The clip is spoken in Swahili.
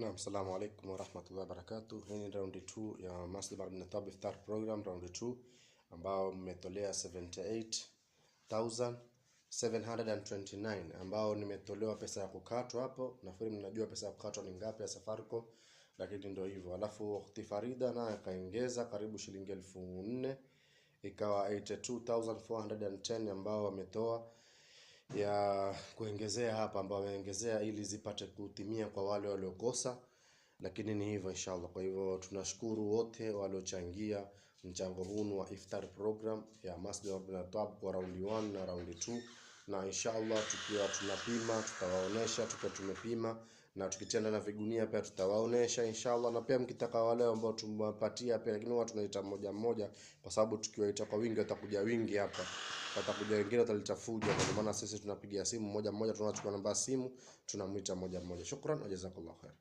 Naam, salamu alaikum wa rahmatullahi wa Hii ni round 2 ya Masjid Umar bin Iftar program round 2 ambao mmetolea 78729 ambao nimetolewa pesa ya kukatwa hapo. Nafikiri mnajua pesa ya kukatwa ni ngapi ya Safaricom, lakini ndio hivyo. Alafu Ukhti Farida naye akaongeza karibu shilingi elfu nne ikawa 82410 ambao wametoa ya kuongezea hapa ambao wameongezea ili zipate kutimia kwa wale waliokosa, lakini ni hivyo inshallah. Kwa hivyo tunashukuru wote waliochangia mchango huu wa iftar program ya Masjid Ibn Attab kwa raundi 1 na raundi 2, na inshallah tukiwa tunapima tutawaonesha, tukiwa tumepima na tukitenda na vigunia pia tutawaonesha inshallah, na pia mkitaka wale ambao tumewapatia pia, lakini watu tunaita mmoja mmoja, kwa sababu tukiwaita kwa wingi watakuja wingi hapa watakuja wengine watalichafuja. Kwa maana sisi tunapigia simu moja mmoja, tunachukua namba ya simu, tunamuita moja mmoja. Shukran, wajazakallahu khair.